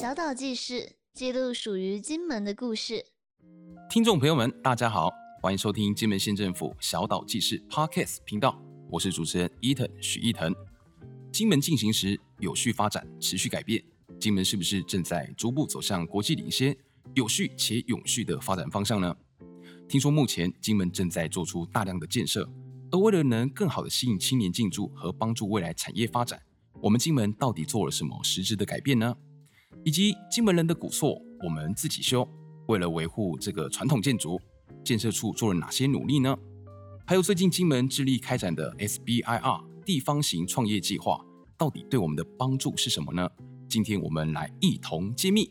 小島紀事記錄屬於金門的故事。聽眾朋友們，大家好，歡迎收聽金門縣政府小島紀事 Podcast 頻道，我是主持人 Eaton，許翼騰。金門進行式，有序發展，持續改變。金門是不是正在逐步走向國際領先、有序且永續的發展方向呢？聽說目前金門正在做出大量的建設，而為了能更好地吸引青年進駐和幫助未來產業發展，我們金門到底做了什麼實質的改變呢？以及金門人的古厝，我們自己修。為了維護這個傳統建築，建設處做了哪些努力呢？還有最近金門致力開展的 SBIR 地方型創業計劃，到底對我們的幫助是什麼呢？今天我們來一同揭秘。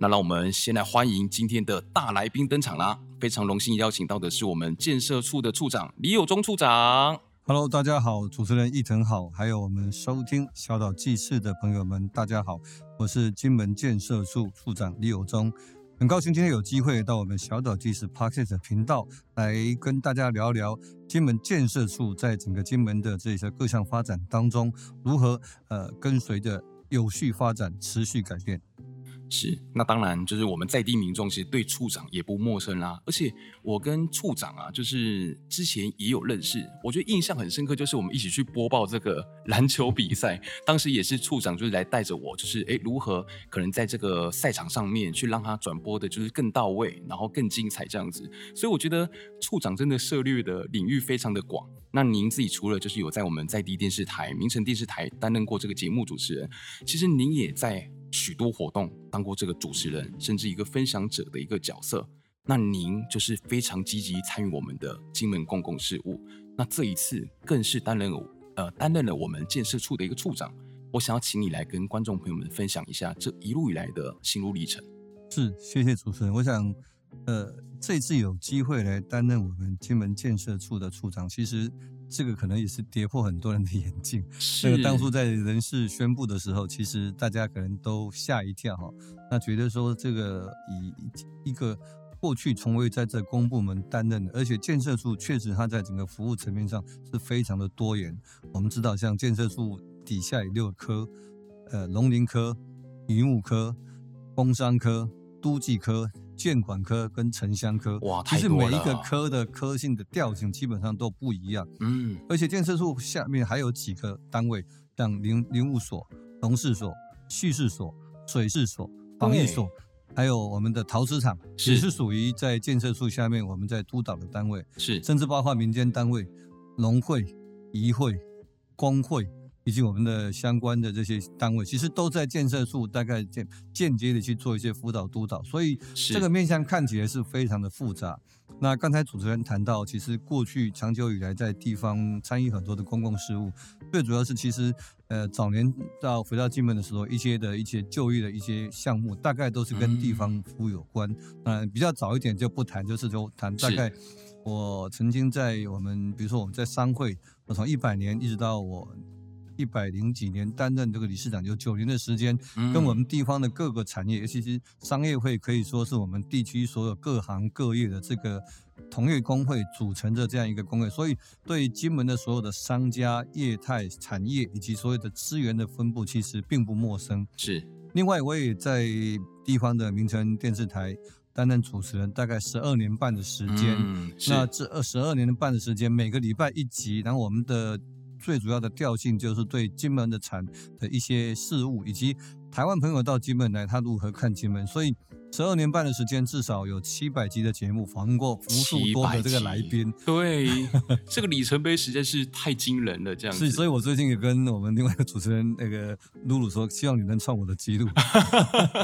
那讓我們先來歡迎今天的大來賓登場啦！非常榮幸邀請到的是我們建設處的處長李友忠處長。Hello，大家好，主持人翼騰好，還有我們收聽小島記事的朋友們，大家好，我是金門建設處處長李友忠，很高興今天有機會到我們小島記事 Podcast 頻道來跟大家聊一聊金門建設處在整個金門的這些各項發展當中，如何呃跟隨着有序發展、持續改變。是，那當然就是我們在地民眾其實對處長也不陌生啦啊。而且我跟處長啊，就是之前也有認識。我覺得印象很深刻，就是我們一起去播報這個籃球比賽，當時也是處長就是來帶着我，就是哎，如何可能在這個賽場上面去讓他轉播的就是更到位，然後更精彩這樣子。所以我覺得處長真的涉獵的領域非常的廣。那您自己除了就是有在我們在地電視台、名城電視台擔任過這個節目主持人，其實您也在。許多活動，當過這個主持人，甚至一個分享者的一個角色。那您就是非常積極參與我們的金門公共事務。那這一次更是擔任了呃擔任了我們建設處的一個處長。我想要請你來跟觀眾朋友們分享一下這一路以來的心路歷程。是，謝謝主持人。我想，呃，這一次有機會來擔任我們金門建設處的處長，其實。這個可能也是跌破很多人的眼鏡。是這個當初在人事宣布的時候，其實大家可能都嚇一跳哈，那覺得說這個以一個過去從未在這公部門擔任，而且建設處確實它在整個服務層面上是非常的多元。我們知道，像建設處底下有六科，呃、農林科、漁牧科、工商科、都計科，建管科跟城鄉科，哇，其實每一個科的科性的調性基本上都不一樣，嗯，而且建設處下面還有幾個單位，像林林務所、農試所、畜試所、水試所、防疫所，對還有我們的陶瓷廠，是也是屬於在建設處下面我們在督導的單位，是，甚至包括民間單位，農會、漁會、工會。以及我們的相關的這些單位，其實都在建設處，大概間間接的去做一些輔導督導，所以這個面向看起來是非常的複雜。是那剛才主持人談到，其實過去長久以來在地方參與很多的公共事務，最主要是其實呃早年到回到金門的時候，一些的一些就業的一些項目，大概都是跟地方服務有關。嗯、呃，比較早一點就不談，就是就談大概我曾經在我們是比如說我們在商會，我從一百年一直到我。一百零幾年擔任這個理事長，有九年的時間，跟我們地方的各個產業，嗯、尤其是商業會可以說是我們地區所有各行各業的這個同業公會組成的這樣一個工會，所以對金門的所有的商家業態、產業以及所有的資源的分布，其實並不陌生。是。另外，我也在地方的名城電視台擔任主持人，大概十二年半的時間。嗯、是。那這二十二年的半的時間，每個禮拜一集，然後我們的。最主要的調性就是對金門的產的一些事物，以及台灣朋友到金門來，他如何看金門。所以。十二年半的時間，至少有七百集的節目，訪問過無數多的這個來賓。對，這個里程碑實在是太驚人了。這樣子。 是，所以我最近也跟我們另外一個主持人那個露露說，希望你能創我的記錄。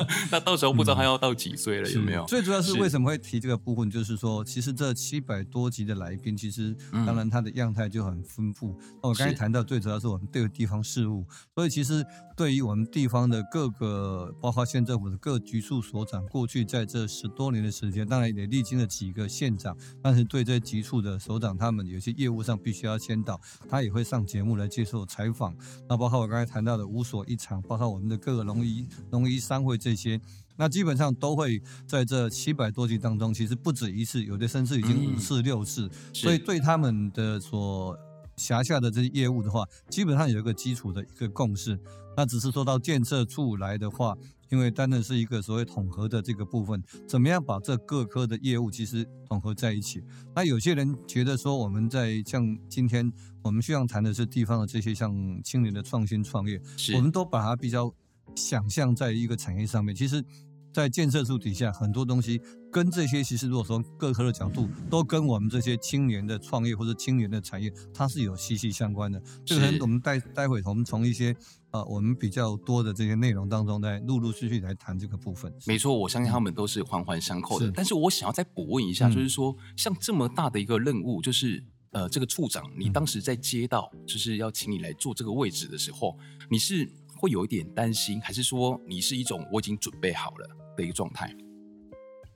那到時候不知道他要到幾歲了，嗯、有沒有？最主要是為什麼會提這個部分，就是說，其實這七百多集的來賓，其實當然他的樣態就很豐富。嗯、我剛才談到，最主要是我們對地方事務，是所以其實對於我們地方的各個，包括縣政府的各局處所長，過去在這十多年的時間，當然也歷經了幾個縣長，但是對這些局處的首長，他們有些業務上必須要簽到，他也會上節目來接受採訪。那包括我剛才談到的五所一廠，包括我們的各個農會、漁會商會這些，那基本上都會在這七百多集當中，其實不止一次，有的甚至已經五次六次，嗯嗯，所以對他們的所轄下的這些業務的話，基本上有一個基礎的一個共識。那只是說到建設處來的話。因為單的是一個所謂統合的這個部分，怎麼樣把這各科的業務其實統合在一起？那有些人覺得說，我們在像今天我們需要談的是地方的這些像青年的創新創業，是我們都把它比較想象在一個產業上面。其實，在建設處底下很多東西。跟這些其實，如果說各科的角度，都跟我們這些青年的創業或者青年的產業，它是有息息相關的是。這個我們待待會我們從一些呃我們比較多的這些內容當中，再陸陸續續來談這個部分。沒錯，我相信他們都是環環相扣的。是但是我想要再補問一下，就是說，嗯、像這麼大的一個任務，就是呃，這個處長，你當時在接到、嗯、就是要請你來做這個位置的時候，你是會有一點擔心，還是說你是一種我已經準備好了的一個狀態？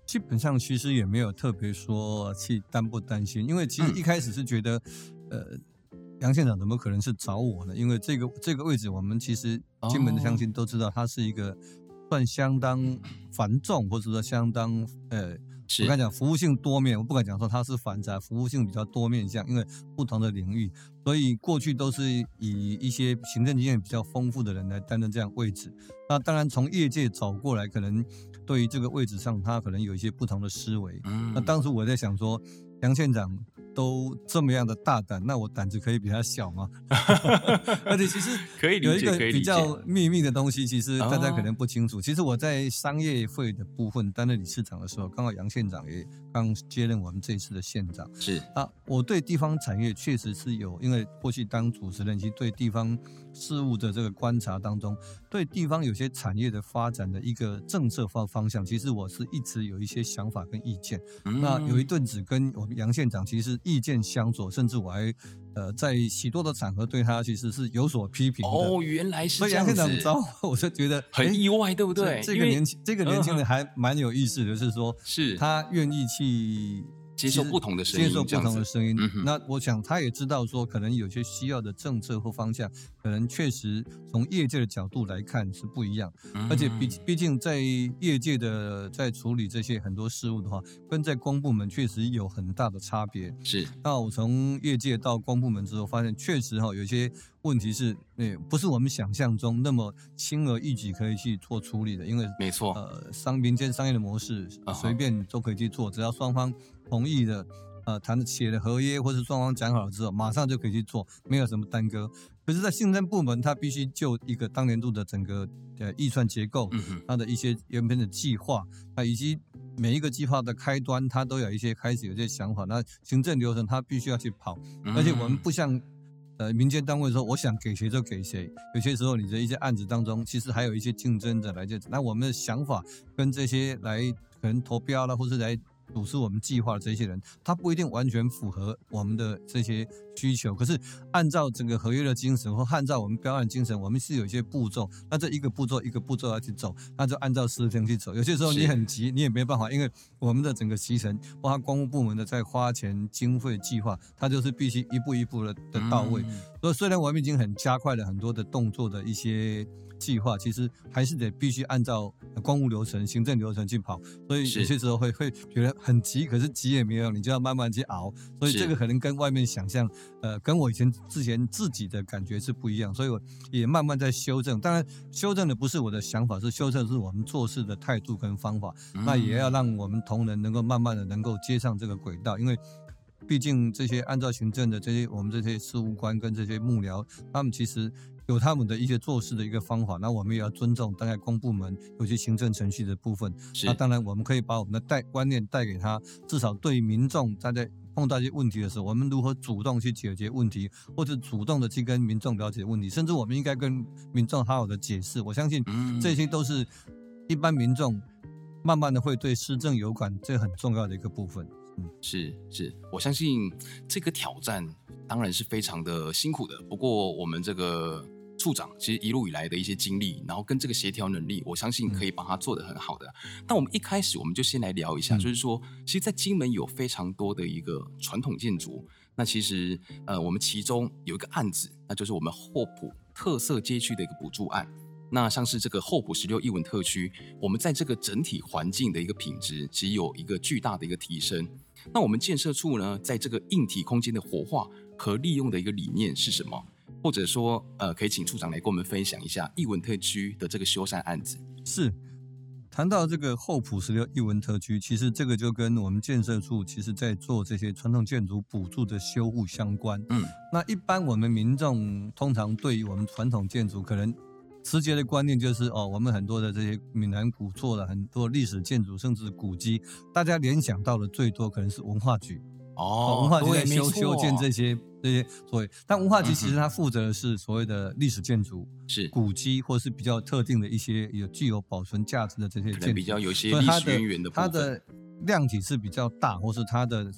基本上其實也沒有特別說去擔不擔心，因為其實一開始是覺得，嗯、呃，楊縣長怎麼可能是找我呢？因為這個這個位置，我們其實金門的鄉親都知道，它是一個算相當繁重，或者說相當呃，是我剛才講服務性多面，我不敢講說它是繁雜，服務性比較多面向，因為不同的領域。所以過去都是以一些行政經驗比較豐富的人來擔任這樣位置。那當然從業界走過來，可能對於這個位置上他可能有一些不同的思維。那當時我在想說，楊縣長。都這麼樣的大膽，那我膽子可以比他小嗎？而且其實有一個比較秘密的東西，其實大家可能不清楚。啊、其實我在商業會的部分擔任理事長的時候，剛好楊縣長也剛接任我們這一次的縣長。是啊，我對地方產業確實是有，因為過去當主持人其實對地方事務的這個觀察當中，對地方有些產業的發展的一個政策方方向，其實我是一直有一些想法跟意見。嗯、那有一陣子跟我們楊縣長其實。意見相左，甚至我還，呃，在許多的場合對他其實是有所批評的。哦，原來是這樣子。我，我就覺得很意外，對不誒對？對為這個年輕，嗯、這個年輕人還蠻有意思的、嗯、就是說，是他願意去。接受不同的聲音，接受不同的聲音。嗯、那我想，他也知道說，可能有些需要的政策或方向，可能確實從業界的角度來看是不一樣。嗯、而且，畢畢竟在業界的在處理這些很多事務的話，跟在公部門確實有很大的差別。是。那我從業界到公部門之後，發現確實哈、哦，有些。問題是，那不是我們想象中那麼輕而易舉可以去做處理的，因為沒錯，呃，商民間商業的模式隨便都可以去做，哦、只要雙方同意的，呃，談寫的合約或是雙方講好了之後，馬上就可以去做，沒有什麼耽擱。可是，在行政部門，它必須就一個當年度的整個呃預算結構，它的一些原本的計劃，那、嗯、哼以及每一個計劃的開端，它都有一些開始有一些想法，那行政流程它必須要去跑，嗯、哼而且我們不像。呃，民間單位說，我想給誰就給誰。有些時候，你的一些案子當中，其實還有一些競爭者來這，那我們的想法跟這些來可能投標了，或是來。主持我們計劃的這些人，他不一定完全符合我們的這些需求。可是按照整個合約的精神，或按照我們標案精神，我們是有一些步驟。那這一個步驟一個步驟要去走，那就按照時間去走。有些時候你很急，是你也沒辦法，因為我們的整個流程，包括公務部門的在花錢經費計劃，它就是必須一步一步的得到位。嗯、所以雖然我們已經很加快了很多的動作的一些。計劃其實還是得必須按照公務流程、行政流程去跑，所以有些時候會是會覺得很急，可是急也沒有，你就要慢慢去熬。所以這個可能跟外面想象，是呃，跟我以前之前自己的感覺是不一樣，所以我也慢慢在修正。當然，修正的不是我的想法，是修正的是我們做事的態度跟方法。嗯、那也要讓我們同仁能夠慢慢的能夠接上這個軌道，因為畢竟這些按照行政的這些我們這些事務官跟這些幕僚，他們其實。有他們的一些做事的一個方法，那我們也要尊重。大概公部門有些行政程序的部分，是那當然我們可以把我們的帶觀念帶給他。至少對民眾，在在碰到一些問題的時候，我們如何主動去解決問題，或者主動的去跟民眾了解問題，甚至我們應該跟民眾好好的解釋。我相信，嗯，這些都是一般民眾慢慢的會對施政有感，這很重要的一個部分。嗯，是是，我相信這個挑戰當然是非常的辛苦的。不過我們這個。處長，其實一路以來的一些經歷，然後跟這個協調能力，我相信可以把它做得很好的。嗯、那我們一開始我們就先來聊一下，嗯、就是說，其實，在金門有非常多的一個傳統建築。那其實，呃，我們其中有一個案子，那就是我們後浦特色街區的一個補助案。那像是這個後浦十六藝文特區，我們在這個整體環境的一個品質，只有一個巨大的一個提升。那我們建設處呢，在這個硬體空間的活化和利用的一個理念是什麼？或者說，呃，可以請處長來跟我們分享一下藝文特區的這個修繕案子。是，談到這個後埔十六藝文特區，其實這個就跟我們建設處其實在做這些傳統建築補助的修護相關。嗯，那一般我們民眾通常對於我們傳統建築，可能直接的觀念就是哦，我們很多的這些閩南古厝了很多歷史建築，甚至古蹟，大家聯想到的最多可能是文化局。哦，文化局在修修建這些、哦哦、這些，對，但文化局其實它負責的是所謂的歷史建築，是、嗯、哼古蹟，或者是比較特定的一些有具有保存價值的這些建築，比較有些歷史淵源的部分，它的，它的量體是比較大，或是它的。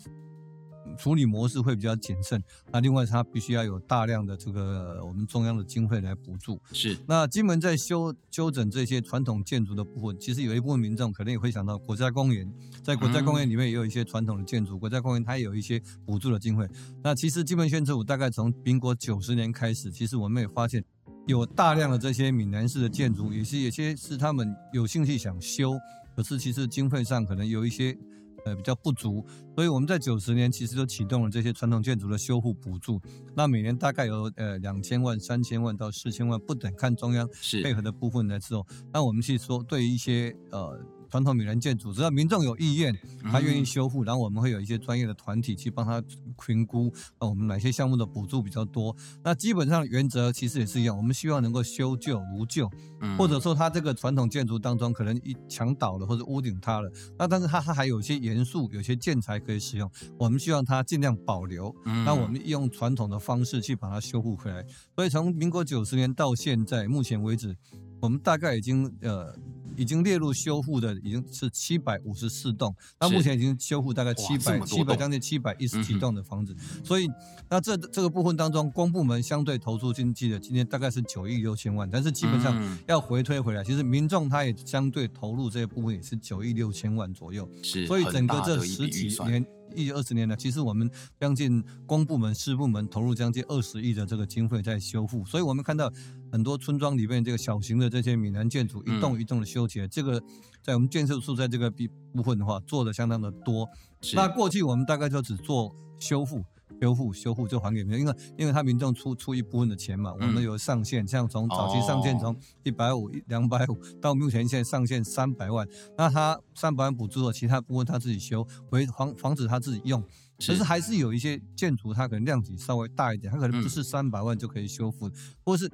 處理模式會比較謹慎。那另外，它必須要有大量的這個我們中央的經費來補助。是。那金門在修修整這些傳統建築的部分，其實有一部分民眾可能也會想到國家公園。在國家公園裡面也有一些傳統的建築，嗯、國家公園它也有一些補助的經費。那其實金門縣政府大概從民國九十年開始，其實我們也發現有大量的這些閩南式的建築，也是有些是他們有興趣想修，可是其實經費上可能有一些。呃，比較不足，所以我們在九十年其實就啟動了這些傳統建築的修復補助，那每年大概有呃兩千萬、三千萬到四千萬不等，看中央配合的部分來做是那我們去說，對於一些呃。傳統閩南建築，只要民眾有意願，他願意修復，嗯、然後我們會有一些專業的團體去幫他評估，那我們哪些項目的補助比較多？那基本上原則其實也是一樣，我們希望能夠修舊如舊，嗯、或者說它這個傳統建築當中可能一牆倒了或者屋頂塌了，那但是它它還有些元素，有些建材可以使用，我們希望它盡量保留。那、嗯、我們用傳統的方式去把它修復回來。所以從民國九十年到現在，目前為止。我們大概已經呃、已經列入修復的已經是七百五十四棟，那是目前已經修復大概七百七百將近七百一十幾棟的房子，嗯、哼所以那這這個部分當中，公部門相對投出經濟的今天大概是九億六千萬，但是基本上要回推回來，嗯、其實民眾他也相對投入這部分也是九億六千萬左右，是，所以整個這十幾年。一二十年了，其實我們將近公部門、私部門投入將近二十億的這個經費在修復，所以我們看到很多村莊裡面這個小型的這些閩南建築一棟一棟的修起來，嗯、這個在我們建設處在這個部部分的話做得相當的多。是那過去我們大概就只做修復。修復修復就還給別人，因為因為他民眾出出一部分的錢嘛，我們有上限，像從早期上限從一百五兩百五到目前現在，上限三百萬，那他三百萬補助了，其他部分他自己修，回防防止他自己用，可是還是有一些建築，它可能量級稍微大一點，它可能不是三百萬就可以修復，或是。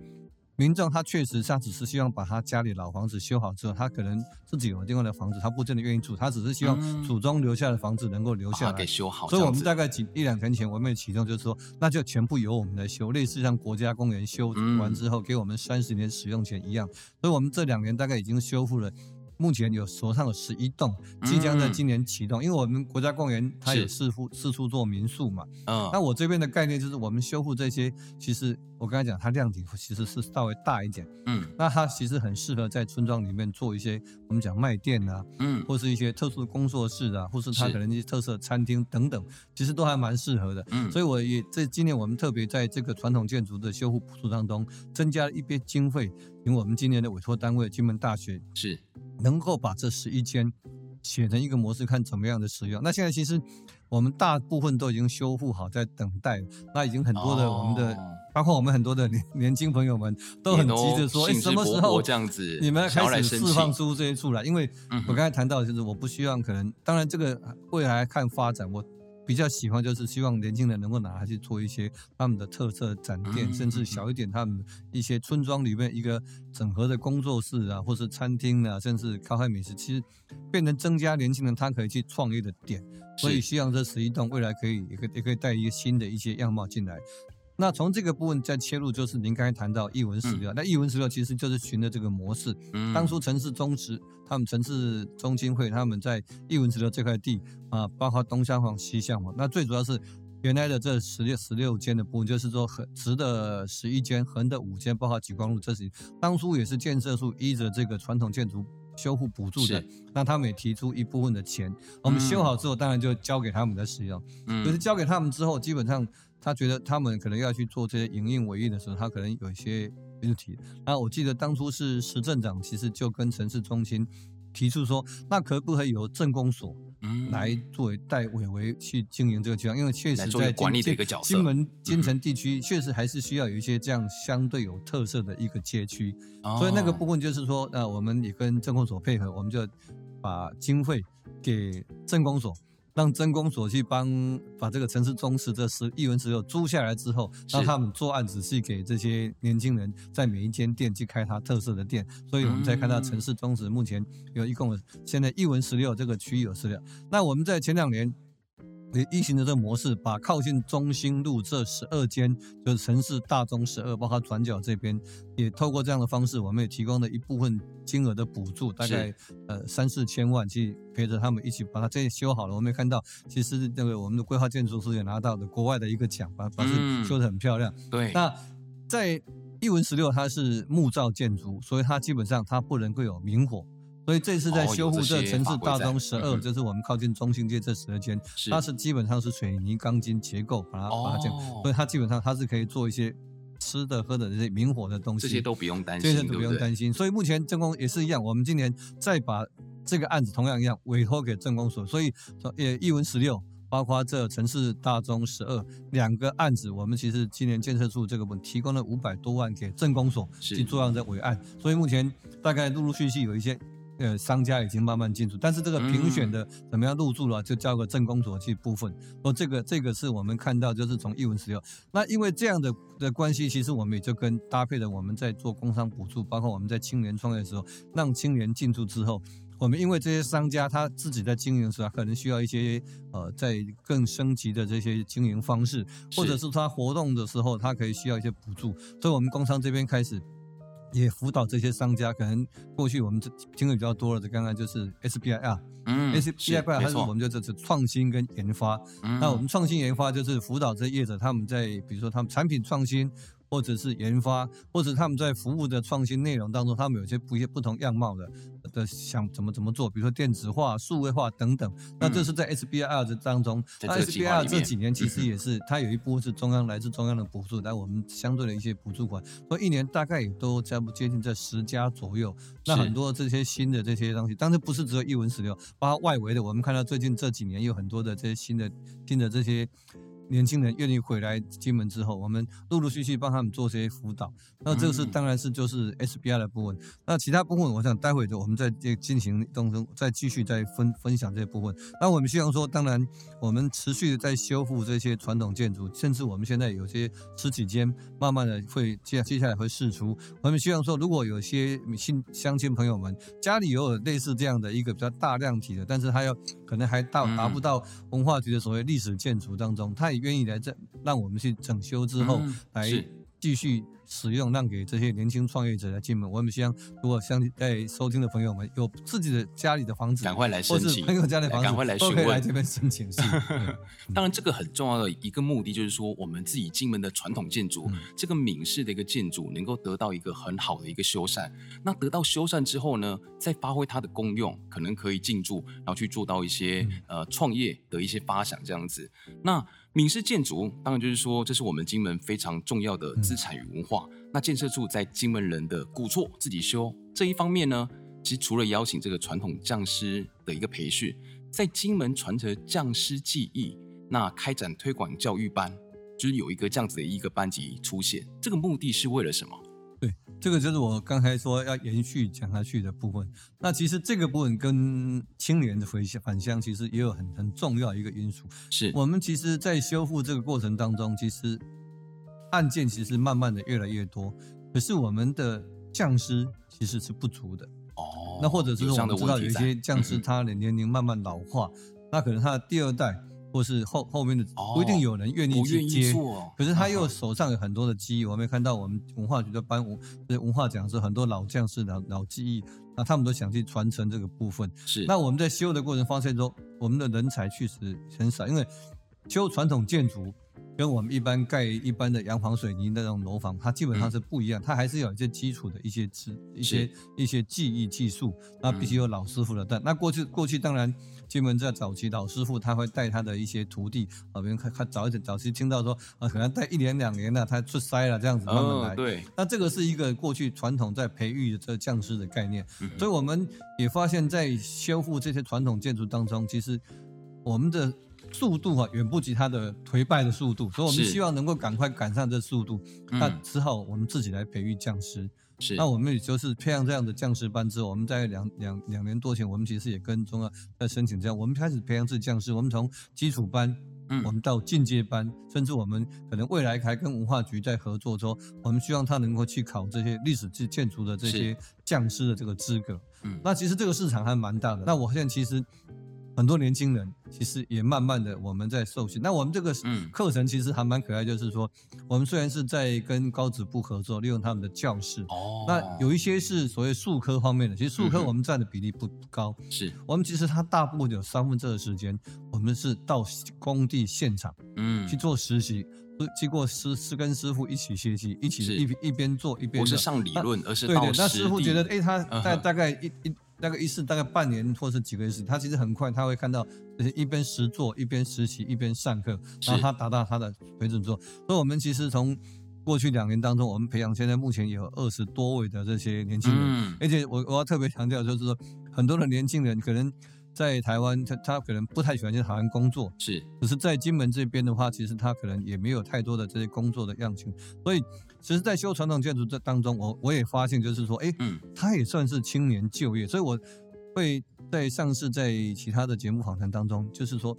民眾他確實，他只是希望把他家裡老房子修好之後，他可能自己有另外的房子，他不真的願意住，他只是希望祖宗留下的房子能夠留下來給修好。所以，我們大概幾一兩年前，我們啟動就是說，那就全部由我們來修，類似像國家公園修完之後給我們三十年使用權一樣。嗯、所以我們這兩年大概已經修復了。目前有手上有十一棟，即將在今年啟動。因為我們國家公園它也四處四處做民宿嘛，嗯，那我這邊的概念就是我們修復這些，其實我剛才講它量體其實是稍微大一點，嗯，那它其實很適合在村莊裡面做一些我們講賣店啊，嗯，或是一些特殊的工作室啊，或是它可能一些特色餐廳等等，其實都還蠻適合的，嗯，所以我也在今年我們特別在這個傳統建築的修復補助當中增加了一筆經費。因為我們今年的委託單位，金門大學是能夠把這十一間寫成一個模式，看怎麼樣的使用。那現在其實我們大部分都已經修復好，在等待。那已經很多的我們的，哦、包括我們很多的年，年輕朋友們，都很急着說，薄薄欸、什麼時候這樣子，你們要開始釋放出這些出來？來因為，我剛才談到，就是我不希望可能，嗯、哼當然這個未來看發展，我。比較喜歡就是希望年輕人能夠拿它去做一些他們的特色展店，嗯嗯嗯，甚至小一點，他們一些村莊裡面一個整合的工作室啊，或是餐廳啊，甚至咖啡美食，其實變成增加年輕人他可以去創業的點。所以希望這十一棟未來可以也可以帶一個新的一些樣貌進來。那從這個部分再切入，就是您剛才談到逸文石料。嗯、那逸文石料其實就是循的這個模式。嗯、當初城市宗祠，他們城市中心會，他們在逸文石料這塊地啊，包括東廂房、西廂房，那最主要是原來的這十十六間的部分，就是說橫直的十一間，橫的五間，包括莒光路這些，當初也是建設處依着這個傳統建築修復補助的。是那他們也提出一部分的錢，嗯、我們修好之後，嗯、當然就交給他們的使用。就可是交給他們之後，基本上。他覺得他們可能要去做這些營運維運的時候，他可能有一些問題。那、啊、我記得當初是石鎮長，其實就跟城市中心提出說，那可不可以由鎮公所來作為代為去經營這個區？因為確實在管理這個角色金門金城地區，確實還是需要有一些這樣相對有特色的一個街區。嗯、所以那個部分就是說，那我們也跟鎮公所配合，我們就把經費給鎮公所。讓鎮公所去幫把這個城市中式這十藝文十六租下來之後，讓他們作案仔細給這些年輕人在每一間店去開他特色的店，所以我們才看到城市中式目前有一共現在藝文十六這個區域有十六。那我們在前兩年。以疫情的這個模式，把靠近中心路這十二間，就是城市大中十二，包括轉角這邊，也透過這樣的方式，我們也提供了一部分金額的補助，是大概呃三四千萬，去陪着他們一起把它這修好了。我們也看到，其實那個我們的規劃建築師也拿到的國外的一個獎，把反正修的很漂亮。嗯、那對，那在藝文十六，它是木造建築，所以它基本上它不能夠有明火。所以這次在修復這城市大鐘十二，嗯、就是我們靠近中心街這十二間，它是,是基本上是水泥鋼筋結構把它搭建、哦，所以它基本上它是可以做一些吃的喝的這些明火的東西，這些都不用擔心，這些都不用擔心。對不對？所以目前正工也是一樣，我們今年再把這個案子同樣一樣委托給正工所，所以呃一文十六，包括這城市大鐘十二兩個案子，我們其實今年建設處這個我們提供了五百多萬給正工所去做、哦、這委案，所以目前大概陸陸續續有一些。呃，商家已經慢慢進駐，但是這個評選的怎麼樣入駐了，嗯、就交個政工所去部分。哦，這個這個是我們看到，就是從一文始有。那因為這樣的的關係，其實我們也就跟搭配的，我們在做工商補助，包括我們在青年創業的時候，讓青年進駐之後，我們因為這些商家他自己在經營的時候，可能需要一些呃，在更升級的這些經營方式，或者是他活動的時候，他可以需要一些補助，是所以我們工商這邊開始。也輔導這些商家，可能過去我們聽得比較多了。這剛剛就是 SBIR，嗯，SBIR，還是我們就是創新跟研發。嗯、那我們創新研發就是輔導這業者，他們在比如說他們產品創新，或者是研發，或者他們在服務的創新內容當中，他們有一些不一、不同樣貌的、呃、的想怎麼怎麼做，比如說電子化、數位化等等。那這是在 SBR 的當中，SBR、嗯、這、這幾年其實也是，嗯、哼它有一部分是中央來自中央的補助，來、嗯、哼我們相對的一些補助款，所以一年大概也都差不多接近在十家左右。那很多這些新的這些東西，當然不是只有一文十六，包括外圍的，我們看到最近這幾年有很多的這些新的新的這些。年輕人願意回來，金門之後，我們陸陸續續幫他們做些輔導。那這個是當然是就是 SBR 的部分。嗯、那其他部分，我想待會就我們在這進行當中，再繼續再分分享這部分。那我們希望說，當然我們持續的在修復這些傳統建築，甚至我們現在有些實體間慢慢的會接接下來會釋出。我們希望說，如果有些新鄉親朋友們家裡有，有類似這樣的一個比較大量體的，但是它要可能還到達不到文化局的所謂歷史建築當中，它。願意來整，讓我們去整修之後來繼續使用，讓給這些年輕創業者來金門。我們希望，如果想在收聽的朋友們有自己的家裡的房子，趕快來申請；或是朋友家裡的房子，趕快來詢問。這邊申請。 當然，這個很重要的一個目的就是說，我們自己金門的傳統建築，嗯、這個閩式的一個建築，能夠得到一個很好的一個修繕。那得到修繕之後呢，再發揮它的功用，可能可以進駐，然後去做到一些、嗯、呃創業的一些發想這樣子。那閩式建築當然就是說，這是我們金門非常重要的資產與文化。嗯、那建設處在金門人的古厝自己修，這一方面呢，其實除了邀請這個傳統匠師的一個培訓，在金門傳承匠師技藝，那開展推廣教育班，就是有一個這樣子的一個班級出現。這個目的是為了什麼？對，這個就是我剛才說要延續講下去的部分。那其實這個部分跟青年的回鄉返鄉，其實也有很很重要一個因素，是我們其實在修復這個過程當中，其實案件其實慢慢的越來越多，可是我們的匠師其實是不足的。哦，那或者是我們知道有一些匠師他的年齡慢慢老化，嗯、那可能他的第二代。或是後後面的不一定有人願意去接，oh, 哦、可是他又手上有很多的技藝。Uh huh. 我們看到我們文化局的班文，文化講師很多老匠師老老技藝，那、啊、他們都想去傳承這個部分。是。那我們在修的過程發現說，我們的人才確實很少，因為修傳統建築跟我們一般蓋一般的洋房、水泥那種樓房，它基本上是不一樣，嗯、它還是有一些基礎的一些知一些是一些技藝技術，那必須有老師傅的帶、嗯。那過去過去當然。金門在早期，老師傅他會帶他的一些徒弟，啊，別人他他早一點，早期聽到說，啊，可能帶一年兩年的、啊，他出師了這樣子慢慢來、哦。對，那這個是一個過去傳統在培育的這個匠師的概念，嗯、所以我們也發現，在修復這些傳統建築當中，其實我們的速度啊，遠不及他的頹敗的速度，所以我們希望能夠趕快趕上這速度，是那只好我們自己來培育匠師。嗯那我們也就是培養這樣的講師班之後，我們在兩兩兩年多前，我們其實也跟中央在申請這樣。我們開始培養這講師，我們從基礎班，嗯，我們到進階班，嗯、甚至我們可能未來還跟文化局在合作說，我們希望他能夠去考這些歷史建築的這些講師的這個資格。嗯，那其實這個市場還蠻大的。那我現在其實。很多年輕人其實也慢慢的我們在受訓。那我們這個課程其實還蠻可愛，就是說、嗯、我們雖然是在跟高職部合作，利用他們的教室。哦。那有一些是所謂術科方面的，其實術科我們占的比例不高。是、嗯、哼我們其實他大部分有三分之二時間，我們是到工地現場，嗯，去做實習，嗯、經過師師，師跟師傅一起學習，一起是一一邊做一邊。我是上理論，那而是對，對對。那師傅覺得，哎、欸，他大概大概一一。呃大概一次，大概半年或是幾個月時，他其實很快，他會看到，就是一邊實做，一邊實習，一邊上課，然後他達到他的水準做是。所以，我們其實從過去兩年當中，我們培養現在目前也有二十多位的這些年輕人，而且我我要特別強調，就是說很多的年輕人可能。在台灣，他他可能不太喜歡在台灣工作，是。只是在金門這邊的話，其實他可能也沒有太多的這些工作的樣性。所以，其實，在修傳統建築這當中，我我也發現，就是說，哎、欸，嗯、他也算是青年就業。所以，我會在上次在其他的節目訪談當中，就是說，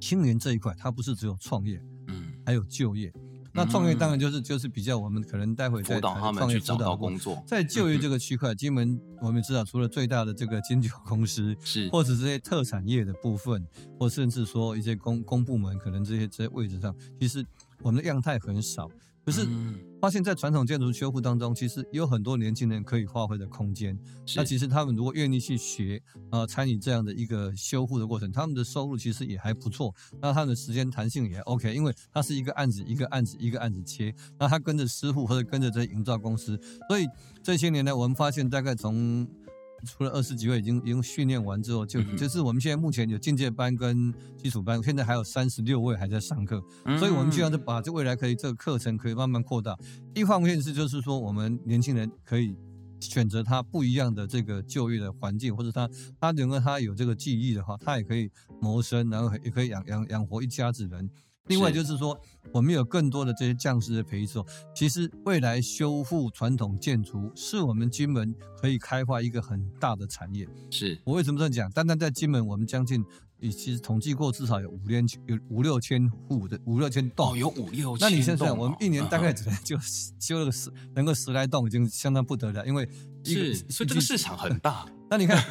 青年這一塊，他不是只有創業，嗯，還有就業。那創業當然就是、嗯、就是比較我們可能待會再輔導他們去找到工作，在就業這個區塊，金門、嗯、哼我們知道除了最大的這個金酒公司，是或者這些特產業的部分，或甚至說一些公公部門，可能這些這些位置上，其實我們的樣態很少。可是發現，在傳統建築修復當中，其實有很多年輕人可以發揮的空間是。那其實他們如果願意去學，呃，參與這樣的一個修復的過程，他們的收入其實也還不錯。那他們的時間彈性也 OK，因為它是一個案子一個案子一個案子切。那他跟着師傅或者跟着這營造公司，所以這些年來，我們發現大概從。除了二十幾位，已經已經訓練完之後就、嗯哼，就就是我們現在目前有進階班跟基礎班，現在還有三十六位還在上課，所以我們希望是把這未來可以這個課程可以慢慢擴大。一方面是就是說我們年輕人可以選擇他不一樣的這個就業的環境或，或者他他整個他有這個技藝的話，他也可以謀生，然後也可以養養養活一家子人。另外就是說，是我們有更多的這些匠師的培育之後，其實未來修復傳統建築是我們金門可以開發一個很大的產業。是我為什麼這樣講？單單在金門，我們將近已經統計過，至少有五千，有五六千戶的五六千棟。哦，有五六千。千。那你先說我們一年大概只能就修了個十，嗯、哼能夠十來棟，已經相當不得了。因為是，所以這個市場很大。那你看。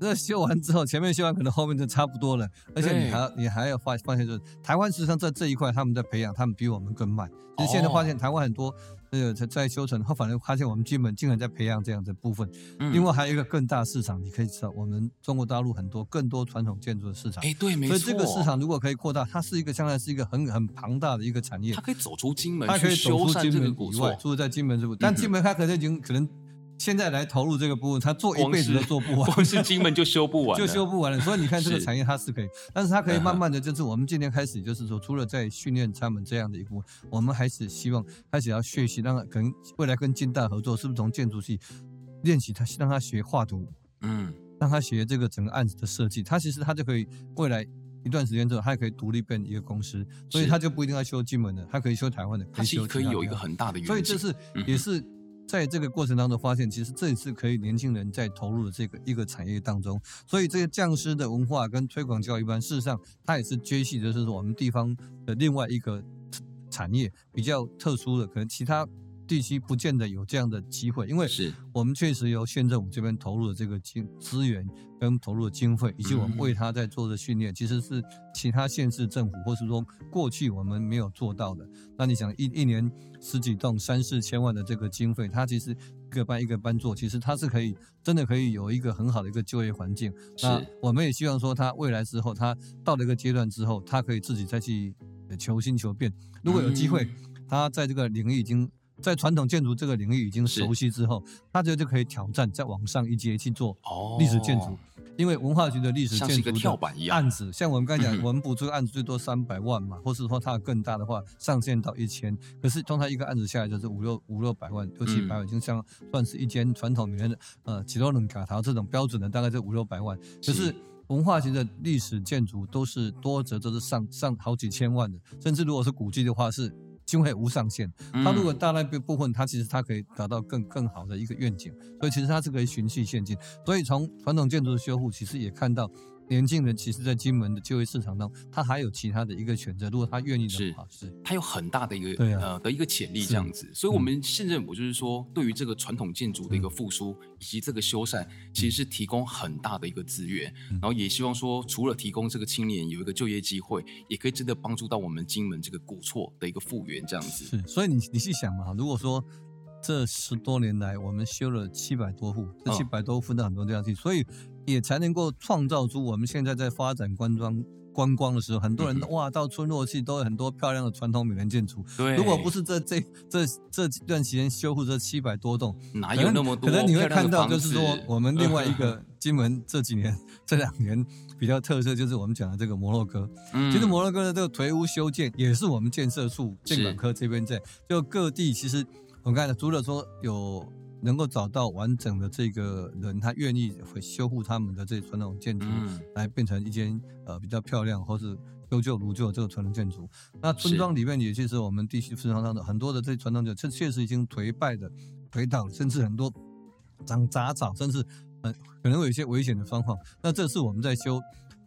那修完之後，前面修完可能後面就差不多了。而且你還你還要發發現，就是台灣實際上在這一塊他們在培養，他們比我們更慢。其實現在發現台灣很多呃在在修成，他反而發現我們金門竟然在培養這樣的部分。嗯，另外還有一個更大市場，你可以知道我們中國大陸很多更多傳統建築的市場。哎，對，沒錯。所以這個市場如果可以擴大，它是一個將來是一個很很龐大的一個產業。它可以走出金門，它可以走出金門以外，住在金門是不是？但金門它可能已經可能。現在來投入這個部分，他做一輩子都做不完了。光是，光是金門就修不完了， 就修不完了。所以你看這個產業它是可以，是但是它可以慢慢的，就是我們今天開始就是說，除了在訓練他們這樣的一部分，我們還是希望開始要學習，讓他可能未來跟金大合作，是不是從建築系練習他，讓他學畫圖，嗯，讓他學這個整個案子的設計，他其實他就可以未來一段時間之後，他也可以獨立變一個公司，所以他就不一定要修金門的，他可以修台灣的，可以是可以有一個很大的遠景。所以這是也是。嗯在這個過程當中，發現其實這也是可以年輕人在投入的這個一個產業當中，所以這些匠師的文化跟推廣教育，一般事實上它也是接續的，就是我們地方的另外一個產業比較特殊的，可能其他。地區不見得有這樣的機會，因為我們確實由縣政府這邊投入的這個經資源跟投入的經費，以及我們為他在做的訓練，嗯、其實是其他縣市政府或是說過去我們沒有做到的。那你想一一年十幾棟三四千萬的這個經費，他其實一個班一個班做，其實他是可以真的可以有一個很好的一個就業環境。是，我們也希望說他未來之後，他到了一個階段之後，他可以自己再去求新求變。如果有機會，嗯、他在這個領域已經。在傳統建築這個領域已經熟悉之後，大家是就可以挑戰再往上一階去做歷史建築，哦、因為文化局的歷史建築案子，像我們剛才講，文補這個案子最多三百萬嘛，嗯、哼或是說它更大的話，上限到一千。可是通常一個案子下來就是五六五六百萬，六七百萬，就像算是一間傳統裡面的呃吉隆倫卡塔這種標準的，大概在五六百萬。可是文化局的歷史建築都是多則都是上上好幾千萬的，甚至如果是古蹟的話是。經費無上限，他如果大量個部分，他、嗯、其實他可以達到更更好的一個願景，所以其實他是可以循序漸進，所以從傳統建築的修復，其實也看到。年輕人其實，在金門的就業市場當中，他還有其他的一個選擇，如果他願意的話，是，他有很大的一個、啊、呃，的一個潛力這樣子。是所以，我們現在我就是說，嗯、對於這個傳統建築的一個復甦以及這個修繕，嗯、其實是提供很大的一個資源，嗯、然後也希望說，除了提供這個青年有一個就業機會，也可以真的幫助到我們金門這個古厝的一個復原這樣子。是，所以你你去想嘛，如果說這十多年來我們修了七百多戶，這七百多戶分到很多地方去，嗯、所以。也才能夠創造出我們現在在發展觀光觀光的時候，很多人、嗯、哇，到村落去都有很多漂亮的傳統閩南建築。對如果不是這這這這段時間修復這七百多棟，哪有那麼多可？可能你會看到，就是說我們另外一個金門這幾年這兩年比較特色，就是我們講的這個摩洛哥。嗯、其實摩洛哥的這個頹屋修建也是我們建設處建管科這邊在，是就各地其實我們看除了說有。能夠找到完整的這個人，他願意會修復他們的這些傳統建築，來變成一間呃比較漂亮或是修舊如舊的這個傳統建築。那村莊裡面，也就是我們地區非常上的很多的這些傳統建築確實已經頹敗的頹倒，甚至很多長雜草，甚至很可能有一些危險的狀況。那這次我們在修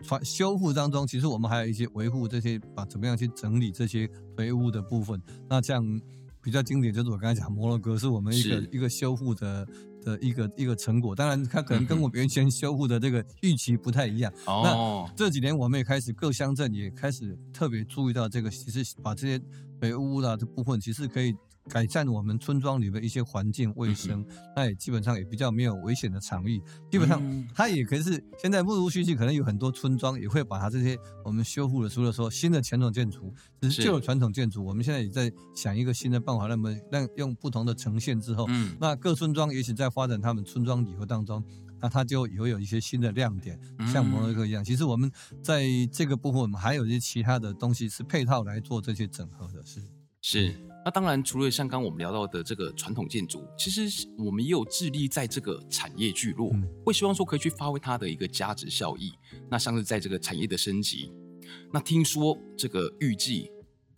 修修復當中，其實我們還有一些維護這些，把怎麼樣去整理這些頹屋的部分，那這樣。比較經典就是我剛才講，摩洛哥是我們一個是一個修復的的一個一個成果。當然，它可能跟我們原先修復的這個預期不太一樣。嗯、哼那、哦、這幾年我們也開始，各鄉鎮也開始特別注意到這個，其實把這些北屋的的部分，其實可以。改善我們村莊裡的一些環境衛生，那、嗯、哼也基本上也比較沒有危險的場域。嗯、基本上它也可以是現在陸陸續續可能有很多村莊也會把它這些我們修復的，除了說新的傳統建築，只是舊傳統建築。是我們現在也在想一個新的辦法，那麼讓用不同的呈現之後，嗯、那各村莊也許在發展他們村莊旅遊當中，那它就也會有一些新的亮點，像摩洛哥一樣。嗯、其實我們在這個部分，我們還有一些其他的東西是配套來做這些整合的事。是。是。那當然，除了像剛剛我們聊到的這個傳統建築，其實我們也有致力在這個產業聚落，嗯、會希望說可以去發揮它的一個價值效益。那像是在這個產業的升級，那聽說這個預計，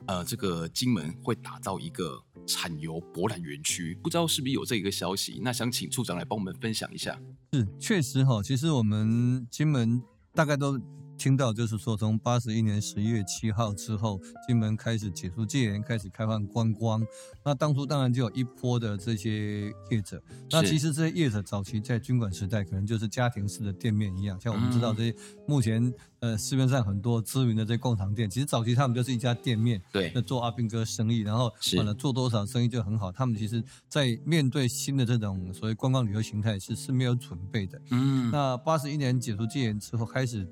呃，這個金門會打造一個產油博覽園區，不知道是不是有這一個消息？那想請處長來幫我們分享一下。是，確實哈、哦，其實我們金門大概都。聽到就是說，從八十一年十一月七號之後，金門開始解除戒嚴，開始開放觀光。那當初當然就有一波的這些業者。是那其實這些業者早期在軍管時代，可能就是家庭式的店面一樣。像我們知道，這些目前、嗯、呃市面上很多知名的這貢糖店，其實早期他們就是一家店面，對，那做阿兵哥生意，然後完了做多少生意就很好。是他們其實，在面對新的這種所謂觀光旅遊形態是，是是沒有準備的。嗯，那八十一年解除戒嚴之後開始。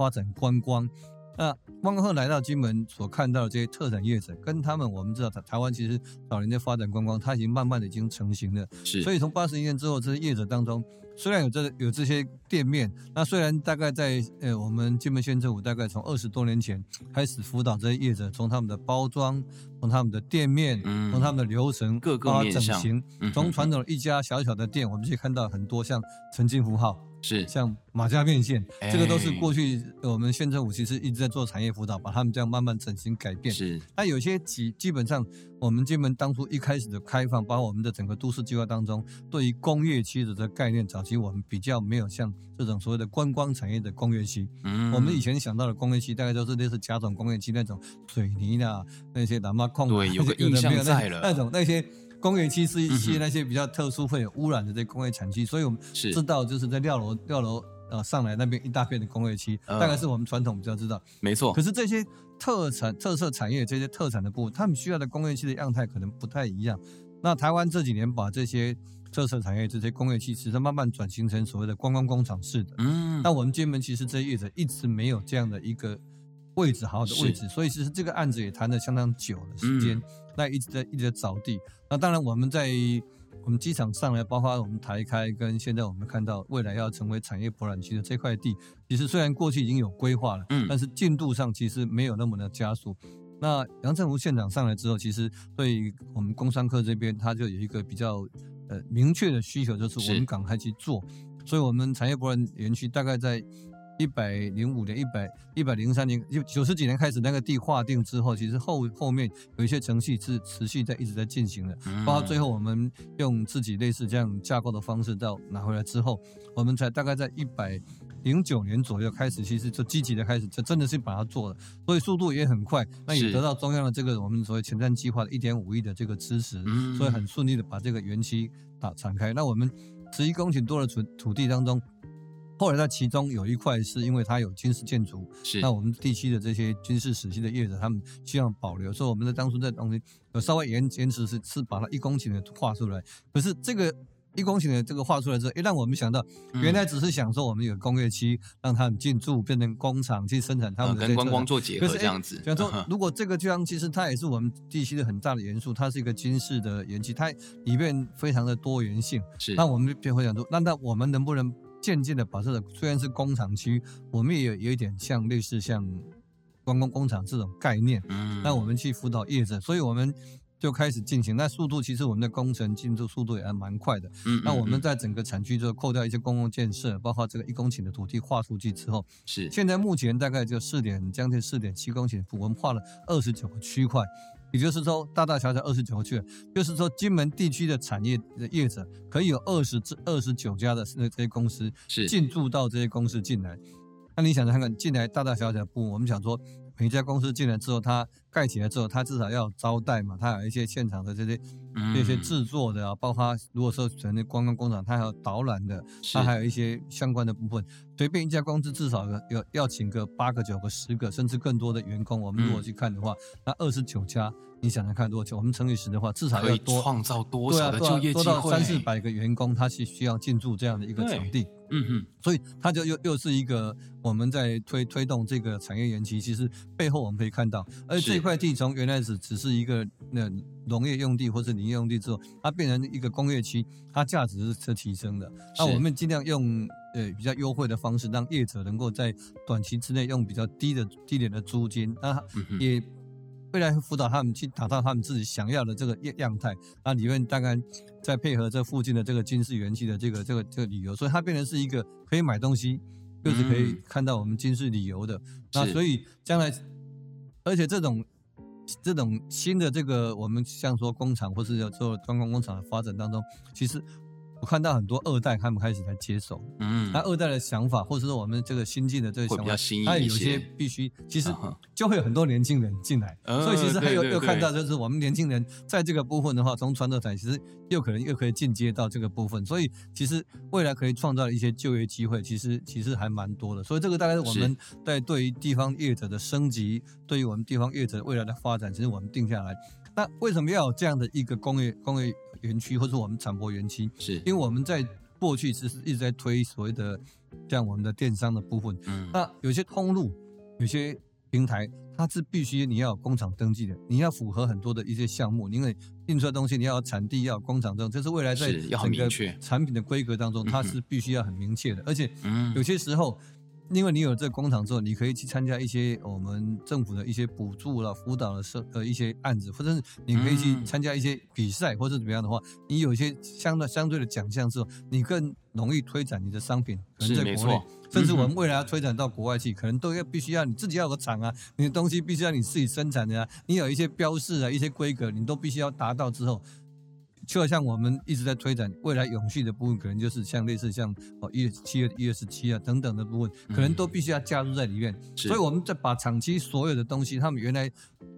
發展觀光，那汪克後來到金門所看到的這些特產業者，跟他們我們知道，台台灣其實早年在發展觀光，它已經慢慢的已經成型了。是，所以從八十年代之後，這些業者當中，雖然有這有這些店面，那雖然大概在呃我們金門縣政府大概從二十多年前開始輔導這些業者，從他們的包裝，從他們的店面，嗯、從他們的流程，各個面向，從傳統的一家小小的店，嗯、哼我們去看到很多像陳金福號。是像馬家變線，欸、這個都是過去我們縣政府其實一直在做產業輔導，把他們這樣慢慢整形改變。是，那有些基基本上，我們江門當初一開始的開放，把我們的整個都市計劃當中，對於工業區的這個概念，早期我們比較沒有像這種所謂的觀光產業的工業區。嗯，我們以前想到的工業區，大概都是類似甲種工業區那種水泥的，啊、那些打碼礦，對，有個印象在那，那種那些。工業區是一些那些比較特殊，會有汙染的這些工業產區，嗯、哼所以我們知道就是在料樓料樓呃，上來那邊一大片的工業區，呃，大概是我們傳統比較知道。沒錯錯。可是這些特產特色產業這些特產的部分，他們需要的工業區的樣態可能不太一樣。那台灣這幾年把這些特色產業這些工業區，其實慢慢轉型成所謂的觀光工廠式的。嗯。那我們金門其實這些業者一直沒有這樣的一個。位置好,好的位置，是所以其實這個案子也談了相當久的時間，嗯、那一直在一直在找地。那當然我們在我們機場上來，包括我們台開跟現在我們看到未來要成為產業博覽區的這塊地，其實雖然過去已經有規劃了，嗯、但是進度上其實沒有那麼的加速。那楊鎮浯縣長上來之後，其實對於我們工商科這邊，他就有一個比較呃明確的需求，就是我們趕快去做，是所以我們產業博覽園區大概在。一百零五年、一百一百零三年、九九十幾年開始那個地劃定之後，其實後後面有一些程序是持續在一直在進行的，包括、嗯、最後我們用自己類似這樣架構的方式到拿回來之後，我們才大概在一百零九年左右開始，其實就積極的開始就真的是把它做了，所以速度也很快，那也得到中央的這個是我們所謂前瞻計劃的一點五億的這個支持，嗯、所以很順利的把這個園區打敞開。那我們十一公頃多的土土地當中。後來在其中有一塊是因為它有軍事建築，是那我們地區的這些軍事時期的業者，他們希望保留，說我們在當初這東西有稍微延延遲是是把它一公頃的畫出來，可是這個一公頃的這個畫出來之後，一、欸、讓我們想到原來只是想說我們有工業區、嗯、讓他們進駐變成工廠去生產，他們的觀光做結合這樣子，想、欸、說、嗯、哼如果這個就像其實它也是我們地區的很大的元素，它是一個軍事的園區，它裡面非常的多元性，是那我們便會想到，那那我們能不能？漸漸的把這個雖然是工廠區，我們也有一點像類似像觀光工廠這種概念，那我們去輔導業者，所以我們就開始進行。那速度其實我們的工程進度速度也還蠻快的，嗯嗯嗯。那我們在整個產區就扣掉一些公共建設，包括這個一公頃的土地劃出去之後，是，現在目前大概就四點將近四點七公頃，我們劃了二十九個區塊。也就是說，大大小小二十九個區，就是說金門地區的產業的業者，可以有二十至二十九家的這些公司進駐到這些公司進來，是。那你想，想看看進來大大小小的部門，我們想說。每家公司進來之後，他蓋起來之後，他至少要招待嘛，他有一些現場的這些、嗯、這些制作的啊，包括如果說整個觀光工廠，它還有導覽的，它是還有一些相關的部分。隨便一家公司至少要要請個八個、九個、十個，甚至更多的員工。我們如果去看的話，嗯、那二十九家。你想想看多久？如果我們乘以十的話，至少要創造多少的就業機會、啊、多到三四百個員工，他是需要進駐這樣的一個場地。嗯哼對。所以，他就又又是一個我們在推推動這個產業園區。其實背後我們可以看到，而且這塊地從原來是只是一個那農業用地或是林業用地之後，它變成一個工業區，它價值是提升的。是那我們儘量用呃比較優惠的方式，讓業者能夠在短期之內用比較低的低廉的租金。那也。嗯未來輔導他們，去打造他們自己想要的這個樣樣態，那裡面大概在配合這附近的這個軍事園區的這個這個這個旅遊，所以它變成是一個可以買東西，又是、嗯、可以看到我們軍事旅遊的。是那所以將來，而且這種這種新的這個我們像說工廠或是做觀光工廠的發展當中，其實。我看到很多二代，他們開始來接手，嗯，那二代的想法，或者說我們這個新進的這些想法，他有些必須，其實就會有很多年輕人進來，啊、哈所以其實還有、哦、對對對又看到就是我們年輕人在這個部分的話，從傳統產業其實又可能又可以進階到這個部分，所以其實未來可以創造一些就業機會，其實其實還蠻多的。所以這個大概是我們在對於地方業者的升級，是對於我們地方業者未來的發展，其實我們定下來。那為什麼要有這樣的一個工業工業？園區或者我們產博園區，是，因為我們在過去其實一直在推所謂的像我們的電商的部分，嗯，那有些通路，有些平台，它是必須你要有工廠登記的，你要符合很多的一些項目，因為印出來東西你要有產地，要有工廠證，這是未來在整個產品的規格當中，是它是必須要很明確的，嗯、哼而且有些時候。嗯因為你有這個工廠之後，你可以去參加一些我們政府的一些補助了、啊、輔導的呃一些案子，或者是你可以去參加一些比賽，或者怎麼樣的話，你有一些相對相對的獎項之後，你更容易推展你的商品。可能在國內是沒錯。甚至我們未來要推展到國外去，嗯、哼可能都要必須要你自己要有個廠啊，你的東西必須要你自己生產的啊，你有一些標示啊、一些規格，你都必須要達到之後。就好像我們一直在推展未來永續的部分，可能就是像類似像哦一月、七月、一月十七啊等等的部分，嗯、可能都必須要加入在裡面。是所以我們在把廠區所有的東西，他們原來，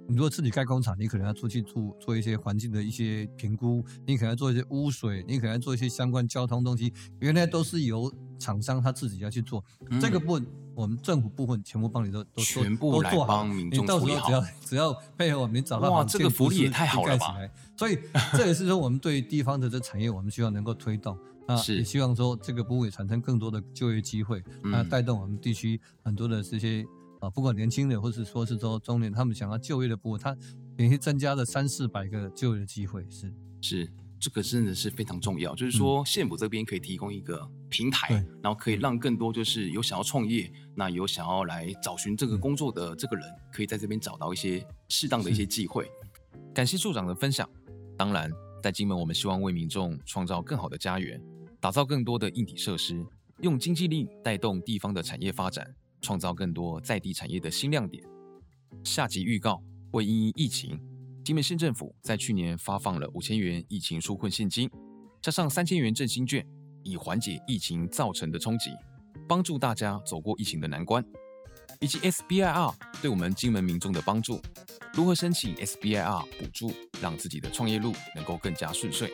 你如果自己開工廠，你可能要出去做做一些環境的一些評估，你可能要做一些污水，你可能要做一些相關交通東西，原來都是由廠商他自己要去做、嗯、這個部分。我們政府部分全部幫你都都都都做好，你到時候只要只要配合我們，我你找到房子哇，這個福利也太好了吧！起來。所以這也是說我們對地方的這產業， 我們希望能夠推動。啊，是也希望說這個部位產生更多的就業機會，啊，帶動我們地區很多的這些、嗯、啊，不管年輕的或是說是說中年，他們想要就業的部位，他連續增加了三四百個就業機會，是是。這個真的是非常重要，就是說，縣府、嗯、這邊可以提供一個平台，嗯、然後可以讓更多就是有想要創業，嗯、那有想要來找尋這個工作的這個人，可以在這邊找到一些適當的一些機會。是感謝處長的分享。當然，在金門，我們希望為民眾創造更好的家園，打造更多的硬體設施，用經濟力帶動地方的產業發展，創造更多在地產業的新亮點。下集預告：為因應疫情。金門縣政府在去年發放了五千元疫情紓困現金，加上三千元振興券，以緩解疫情造成的衝擊，幫助大家走過疫情的難關。以及 SBIR 對我們金門民眾的幫助，如何申請 SBIR 補助，讓自己的創業路能夠更加順遂？